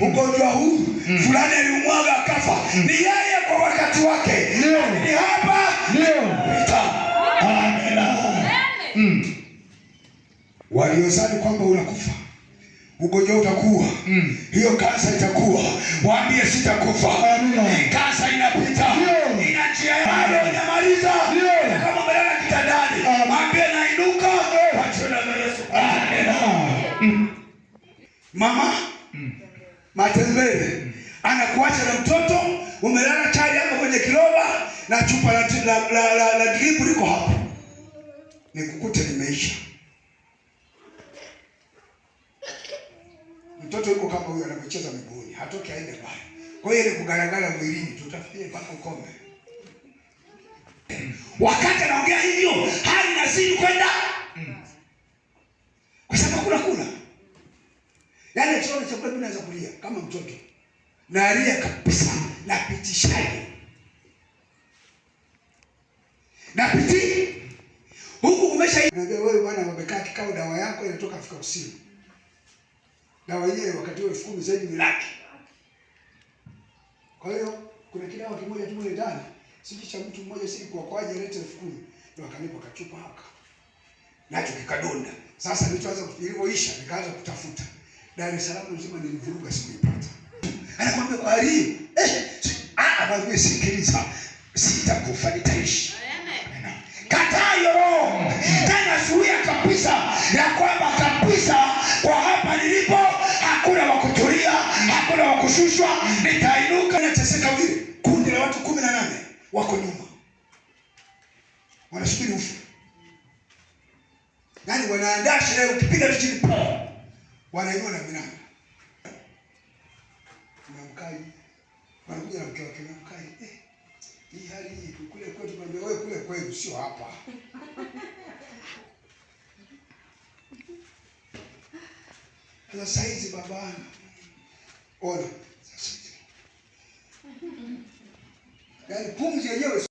ugonjwa huu mm. fulani aliumwaga akafa mm. ni yeye kwa wakati wake Ni hapa pita. Amina. Mm. Waliozani kwamba unakufa ugonjwa utakuwa mm. hiyo kansa itakuwa, waambie sitakufa. Kansa inapita, ina njia yayo inamaliza kama mlala kitandani, waambie nainuka kwa jina la Yesu. Amina. Mama mm matembele, anakuacha na mtoto umelala chali hapo kwenye kiroba na chupa la, la, la, la, la dripu liko hapo, nikukute nimeisha. Mtoto yuko kama huyo anacheza miguuni, hatoki aende mbali. Kwa hiyo ile kugaragara mwilini tutafie mpaka ukome. Wakati anaongea hivyo pale chakula cha Biblia naweza kulia kama mtoto. Nalia kabisa, napitishaje? Napiti. Huku umesha Naambia wewe bwana umekaa kikao dawa yako inatoka afika usiku. Dawa yenyewe wakati huo elfu kumi zaidi ni laki. Kwa hiyo kuna kidawa kimoja kimoja ndani. Sisi cha mtu mmoja sisi kwa kwaje lete elfu kumi ndio akanipa kachupa haka. Nacho kikadonda. Sasa nilichoanza kufikiria oisha nikaanza kutafuta. Dar es Salaam nzima nilivuruga, sikuipata. Anakwambia bari eh, ah, anakwambia sikiliza, sitakufa nitaishi. Kataa hiyo roho tena, zuia kabisa ya kwamba kabisa, kwa hapa nilipo hakuna wa kutulia, hakuna wa kushushwa, nitainuka. Nateseka vile, kundi la watu kumi nane wako nyuma, wanasubiri ufe, yaani wanaandaa sherehe, ukipiga vichini paa wanaibiwa na binadamu. Tunamkaji wanakuja na mtoto tunamkaji, eh, hii hali hii kule kwetu, kwambia wewe kule kwenu sio hapa. Sasa saizi babana, ona sasa, yaani pumzi yenyewe